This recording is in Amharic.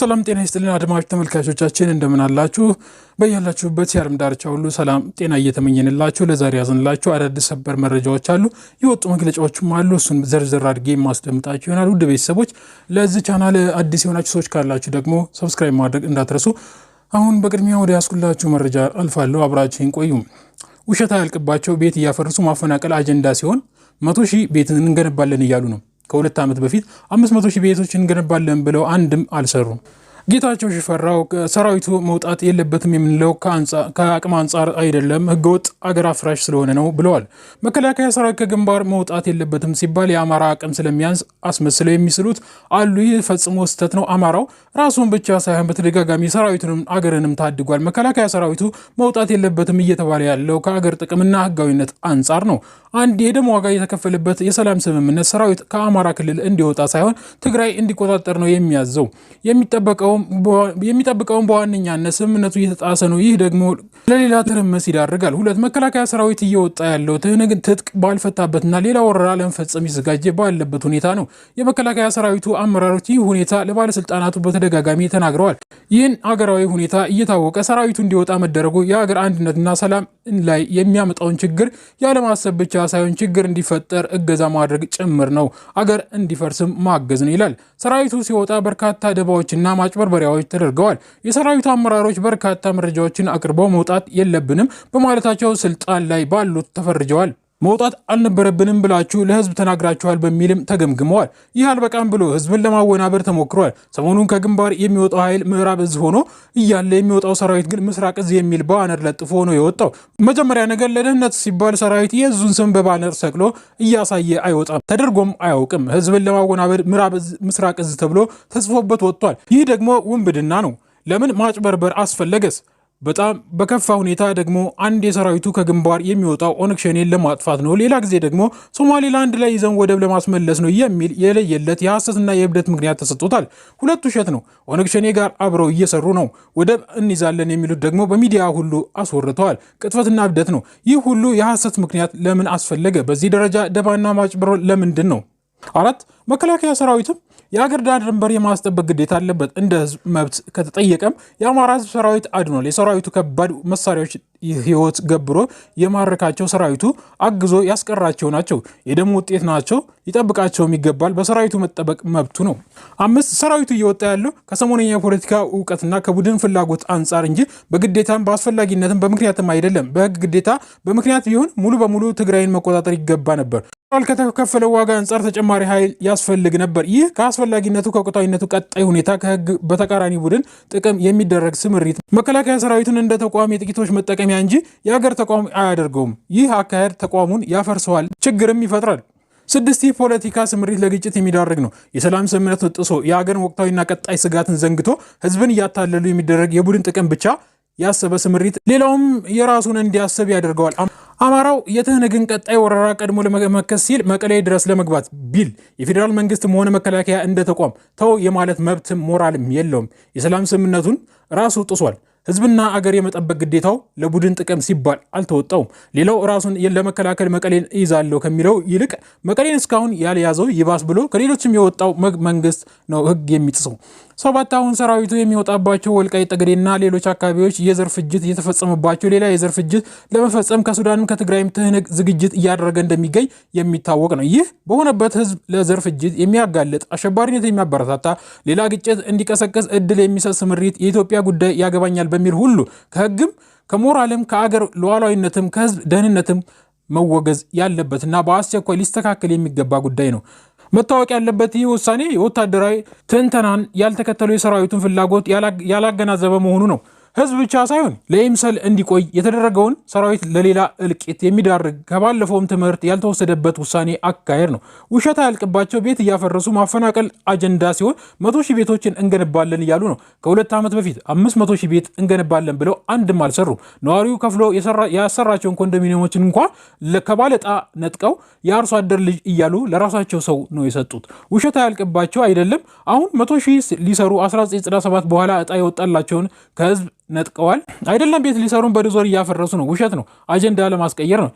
ሰላም ጤና ይስጥልን አድማጭ ተመልካቾቻችን እንደምን አላችሁ? በያላችሁበት የዓለም ዳርቻ ሁሉ ሰላም ጤና እየተመኘንላችሁ ለዛሬ ያዝንላችሁ አዳዲስ ሰበር መረጃዎች አሉ፣ የወጡ መግለጫዎችም አሉ። እሱን ዘርዘር አድጌ ማስደምጣችሁ ይሆናል። ውድ ቤተሰቦች፣ ለዚህ ቻናል አዲስ የሆናችሁ ሰዎች ካላችሁ ደግሞ ሰብስክራይብ ማድረግ እንዳትረሱ። አሁን በቅድሚያ ወደ ያስኩላችሁ መረጃ አልፋለሁ። አብራችን ቆዩ። ውሸት አያልቅባቸው ቤት እያፈረሱ ማፈናቀል አጀንዳ ሲሆን መቶ ሺህ ቤት እንገነባለን እያሉ ነው ከሁለት ዓመት በፊት 500 ሺህ ቤቶች እንገነባለን ብለው አንድም አልሰሩም። ጌታቸው ሽፈራው ሰራዊቱ መውጣት የለበትም የምንለው ከአቅም አንጻር አይደለም፣ ህገወጥ አገር አፍራሽ ስለሆነ ነው ብለዋል። መከላከያ ሰራዊት ከግንባር መውጣት የለበትም ሲባል የአማራ አቅም ስለሚያንስ አስመስለው የሚስሉት አሉ። ይህ ፈጽሞ ስህተት ነው። አማራው ራሱን ብቻ ሳይሆን በተደጋጋሚ ሰራዊቱንም አገርንም ታድጓል። መከላከያ ሰራዊቱ መውጣት የለበትም እየተባለ ያለው ከአገር ጥቅምና ህጋዊነት አንጻር ነው። አንድ የደም ዋጋ የተከፈለበት የሰላም ስምምነት ሰራዊት ከአማራ ክልል እንዲወጣ ሳይሆን ትግራይ እንዲቆጣጠር ነው የሚያዘው የሚጠበቀው የሚጠብቀውን በዋነኛነት ስምምነቱ እየተጣሰ ነው። ይህ ደግሞ ለሌላ ትርምስ ይዳርጋል። ሁለት መከላከያ ሰራዊት እየወጣ ያለው ትጥቅ ባልፈታበትና ሌላ ወረራ ለመፈጸም ይዘጋጀ ባለበት ሁኔታ ነው። የመከላከያ ሰራዊቱ አመራሮች ይህ ሁኔታ ለባለስልጣናቱ በተደጋጋሚ ተናግረዋል። ይህን አገራዊ ሁኔታ እየታወቀ ሰራዊቱ እንዲወጣ መደረጉ የአገር አንድነትና ሰላም ላይ የሚያመጣውን ችግር ያለማሰብ ብቻ ሳይሆን ችግር እንዲፈጠር እገዛ ማድረግ ጭምር ነው። አገር እንዲፈርስም ማገዝ ነው ይላል። ሰራዊቱ ሲወጣ በርካታ ደባዎችና ማጭበርበሪያዎች ተደርገዋል። የሰራዊቱ አመራሮች በርካታ መረጃዎችን አቅርበው መውጣት የለብንም በማለታቸው ስልጣን ላይ ባሉት ተፈርጀዋል። መውጣት አልነበረብንም ብላችሁ ለህዝብ ተናግራችኋል በሚልም ተገምግመዋል። ይህ አልበቃም ብሎ ህዝብን ለማወናበር ተሞክሯል። ሰሞኑን ከግንባር የሚወጣው ኃይል ምዕራብ እዝ ሆኖ እያለ የሚወጣው ሰራዊት ግን ምስራቅ እዝ የሚል ባነር ለጥፎ ሆኖ የወጣው። መጀመሪያ ነገር ለደህንነት ሲባል ሰራዊት የእዙን ስም በባነር ሰቅሎ እያሳየ አይወጣም፣ ተደርጎም አያውቅም። ህዝብን ለማወናበር ምዕራብ እዝ፣ ምስራቅ እዝ ተብሎ ተጽፎበት ወጥቷል። ይህ ደግሞ ውንብድና ነው። ለምን ማጭበርበር አስፈለገስ? በጣም በከፋ ሁኔታ ደግሞ አንድ የሰራዊቱ ከግንባር የሚወጣው ኦነግ ሸኔን ለማጥፋት ነው፣ ሌላ ጊዜ ደግሞ ሶማሌላንድ ላይ ይዘን ወደብ ለማስመለስ ነው የሚል የለየለት የሐሰትና የእብደት ምክንያት ተሰጥቶታል። ሁለት ውሸት ነው። ኦነግ ሸኔ ጋር አብረው እየሰሩ ነው። ወደብ እንይዛለን የሚሉት ደግሞ በሚዲያ ሁሉ አስወርተዋል። ቅጥፈትና እብደት ነው። ይህ ሁሉ የሐሰት ምክንያት ለምን አስፈለገ? በዚህ ደረጃ ደባና ማጭበርበር ለምንድን ነው? አራት መከላከያ ሰራዊትም የሀገር ዳር ድንበር የማስጠበቅ ግዴታ አለበት። እንደ ህዝብ መብት ከተጠየቀም የአማራ ህዝብ ሰራዊት አድኗል። የሰራዊቱ ከባድ መሳሪያዎች ህይወት ገብሮ የማረካቸው ሰራዊቱ አግዞ ያስቀራቸው ናቸው። የደም ውጤት ናቸው። ይጠብቃቸውም ይገባል። በሰራዊቱ መጠበቅ መብቱ ነው። አምስት ሰራዊቱ እየወጣ ያለው ከሰሞነኛ የፖለቲካ እውቀትና ከቡድን ፍላጎት አንጻር እንጂ በግዴታም በአስፈላጊነትም በምክንያትም አይደለም። በህግ ግዴታ በምክንያት ቢሆን ሙሉ በሙሉ ትግራይን መቆጣጠር ይገባ ነበር። ከተከፈለው ዋጋ አንጻር ተጨማሪ ኃይል ያስፈልግ ነበር። ይህ ከአስፈላጊነቱ ከቁጣዊነቱ ቀጣይ ሁኔታ ከህግ በተቃራኒ ቡድን ጥቅም የሚደረግ ስምሪት መከላከያ ሰራዊትን እንደ ተቋም የጥቂቶች መጠቀሚያ እንጂ የሀገር ተቋም አያደርገውም። ይህ አካሄድ ተቋሙን ያፈርሰዋል፣ ችግርም ይፈጥራል። ስድስት ፖለቲካ ስምሪት ለግጭት የሚዳርግ ነው። የሰላም ስምምነት ጥሶ የሀገርን ወቅታዊና ቀጣይ ስጋትን ዘንግቶ ህዝብን እያታለሉ የሚደረግ የቡድን ጥቅም ብቻ ያሰበ ስምሪት ሌላውም የራሱን እንዲያስብ ያደርገዋል። አማራው የትህነግን ቀጣይ ወረራ ቀድሞ ለመመከስ ሲል መቀሌ ድረስ ለመግባት ቢል የፌዴራል መንግስትም ሆነ መከላከያ እንደ ተቋም ተው የማለት መብት ሞራልም የለውም። የሰላም ስምምነቱን ራሱ ጥሷል። ህዝብና አገር የመጠበቅ ግዴታው ለቡድን ጥቅም ሲባል አልተወጣውም። ሌላው ራሱን ለመከላከል መቀሌን እይዛለሁ ከሚለው ይልቅ መቀሌን እስካሁን ያልያዘው ይባስ ብሎ ከሌሎችም የወጣው መንግስት ነው ህግ የሚጥሰው። ሰባት አሁን ሰራዊቱ የሚወጣባቸው ወልቃይ ጠገዴና ሌሎች አካባቢዎች የዘር ፍጅት እየተፈጸመባቸው ሌላ የዘር ፍጅት ለመፈጸም ከሱዳንም ከትግራይም ትህንቅ ዝግጅት እያደረገ እንደሚገኝ የሚታወቅ ነው። ይህ በሆነበት ህዝብ ለዘር ፍጅት የሚያጋልጥ አሸባሪነት የሚያበረታታ ሌላ ግጭት እንዲቀሰቀስ እድል የሚሰጥ ስምሪት የኢትዮጵያ ጉዳይ ያገባኛል በሚል ሁሉ ከህግም ከሞራልም ከአገር ሉዓላዊነትም ከህዝብ ደህንነትም መወገዝ ያለበትና በአስቸኳይ ሊስተካከል የሚገባ ጉዳይ ነው። መታወቅ ያለበት ይህ ውሳኔ የወታደራዊ ትንተናን ያልተከተሉ የሰራዊቱን ፍላጎት ያላገናዘበ መሆኑ ነው። ህዝብ ብቻ ሳይሆን ለኢምሰል እንዲቆይ የተደረገውን ሰራዊት ለሌላ እልቂት የሚዳርግ ከባለፈውም ትምህርት ያልተወሰደበት ውሳኔ አካሄድ ነው። ውሸት አያልቅባቸው ቤት እያፈረሱ ማፈናቀል አጀንዳ ሲሆን መቶ ሺህ ቤቶችን እንገነባለን እያሉ ነው። ከሁለት ዓመት በፊት አምስት መቶ ሺህ ቤት እንገነባለን ብለው አንድም አልሰሩም። ነዋሪው ከፍሎ ያሰራቸውን ኮንዶሚኒየሞችን እንኳ ከባለጣ ነጥቀው የአርሶ አደር ልጅ እያሉ ለራሳቸው ሰው ነው የሰጡት። ውሸት አያልቅባቸው አይደለም። አሁን መቶ ሺህ ሊሰሩ 1997 በኋላ እጣ የወጣላቸውን ከህዝብ ነጥቀዋል። አይደለም ቤት ሊሰሩን በድዞር እያፈረሱ ነው። ውሸት ነው። አጀንዳ ለማስቀየር ነው።